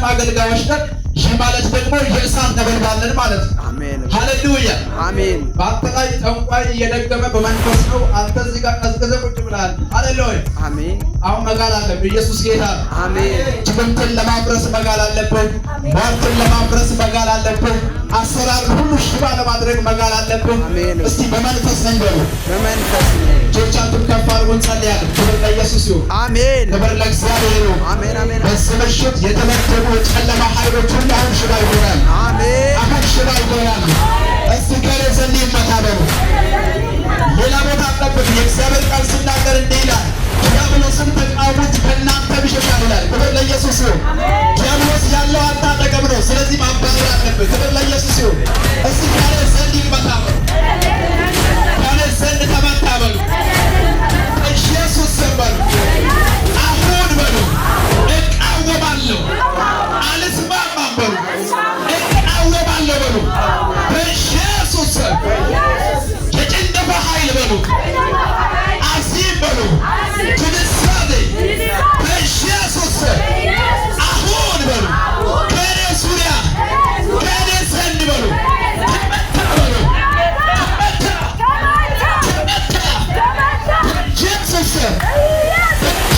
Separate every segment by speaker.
Speaker 1: የዓለም አገልጋዮች ነን። ይህ ማለት ደግሞ የእሳት ነበልባለን ማለት ነው። ሃሌሉያ አሜን። በአጠቃላይ ጠንቋይ እየደገመ በመንፈስ ነው። አንተ እዚህ ጋር ቀዝቅዘ ቁጭ ብለሃል። ሃሌሉያ አሜን። አሁን መጋል አለብህ። ኢየሱስ ጌታ ነው። አሜን። ጭምንትን ለማፍረስ መጋል አለብን ሟርትን ለማፍረስ መጋል አለብን፣ አሰራር ሁሉ ሽባ ለማድረግ መጋል አለብን እስቲ በመንፈስ እንገሩ በመንፈስ ጆቻቱን ከፍ አድርጎ እንጸልያለን። ክብር ለኢየሱስ ይሁን። አሜን። ክብር ለእግዚአብሔር በዚህ ምሽት የተመደቡ የጨለማ ኃይሎች ሁሉ አሁን ሽባ ይሆናል። አሁን ሽባ ይሆናል። እስቲ ገሬ ዘንድ ይመታበሩ ሌላ ቦታ አለበት። የእግዚአብሔር ቃል ሲናገር እንዲህ ይላል፣ ዲያብሎስን ተቃውሞት ከእናንተ ብሸሻል ይላል። ክብር ለኢየሱስ ይሁን። ዲያብሎስ ያለው አታጠቀም ነው። ስለዚህ ማባረር አለበት። ክብር ለኢየሱስ ይሁን።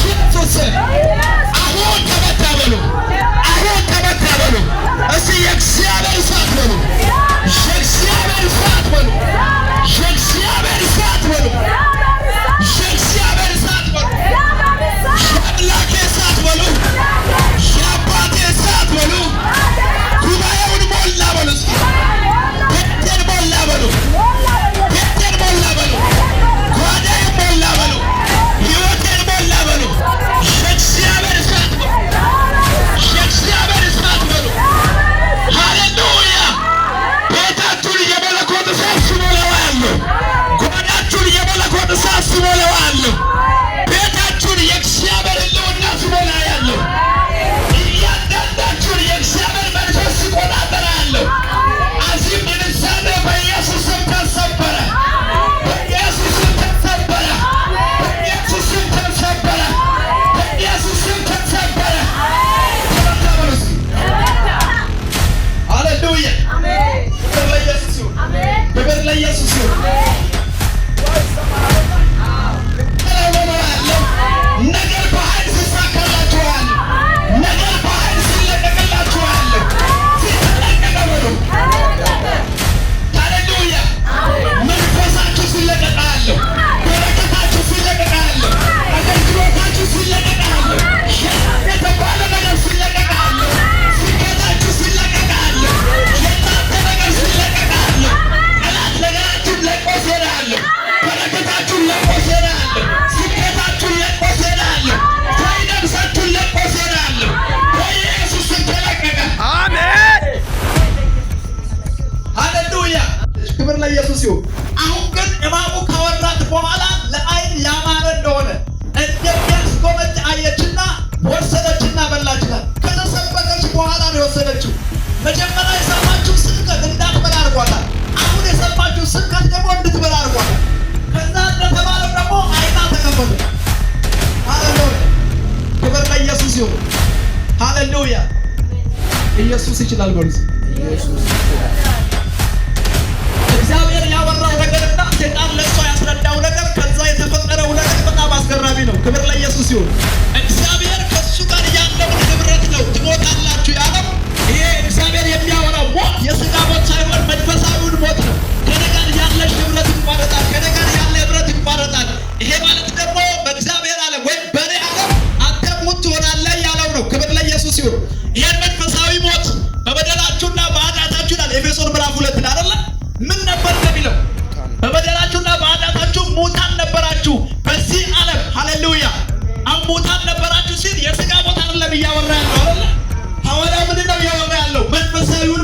Speaker 1: ኢየሱስ አሁን ተመታ በሉ፣ አሁን ተመታ በሉ። እስኪ የእግዚአብሔር እሳት በሉ፣ የእግዚአብሔር ስሞላው አለሁ። ቤታችሁን የእግዚአብሔር ሕልውና ስሞላ ያለሁ። እያንዳንዳችሁን የእግዚአብሔር መንፈስ ሲቆጣጠር አለሁ። አዚም ምንሳኔ ተሰበረ፣ በኢየሱስ ተሰበረ፣ በኢየሱስ ተሰበረ፣ በኢየሱስ ተሰበረ። ሃሌሉያ! በኢየሱስ ስም በኢየሱስ ስም ኢየሱስ ይሁን። አሁን ግን እባቡ ካወራት በኋላ ለአይን ያማረ እንደሆነ እንደሚያስጎመጅ አየችና ወሰደችና በላችላል። ከተሰበከች በኋላ ነው የወሰደችው። መጀመሪያ የሰማችው ስብከት እንዳትበላ አድርጓታል። አሁን የሰማችው ስብከት ደግሞ እንድትበላ አድርጓታል። ከዛ እንደተባለው ደግሞ አይና ተከፈቱ። ክብር ለኢየሱስ ይሁን። ሃሌሉያ! ኢየሱስ ይችላል። በሉ ኢየሱስ ይችላል።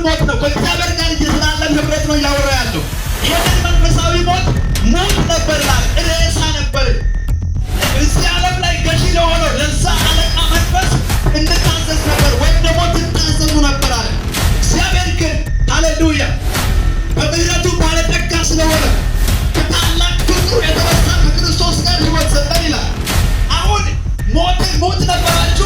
Speaker 1: ሞት ነው። ከእግዚአብሔር ጋር እየተላለን ህብረት ነው እያወራ ያለው። ይህንን መንፈሳዊ ሞት ሞት ነበር ላ ሬሳ ነበር። እዚህ ዓለም ላይ ገዢ ለሆነው ለዛ አለቃ መንፈስ እንድታዘዝ ነበር ወይም ደግሞ ትታዘዙ ነበር አለ። እግዚአብሔር ግን ሃሌሉያ በምሕረቱ ባለጠጋ ስለሆነ ከታላቅ ፍቅሩ የተነሳ ከክርስቶስ ጋር ህይወት ሰጠን ይላል። አሁን ሞትን ሞት ነበራቸው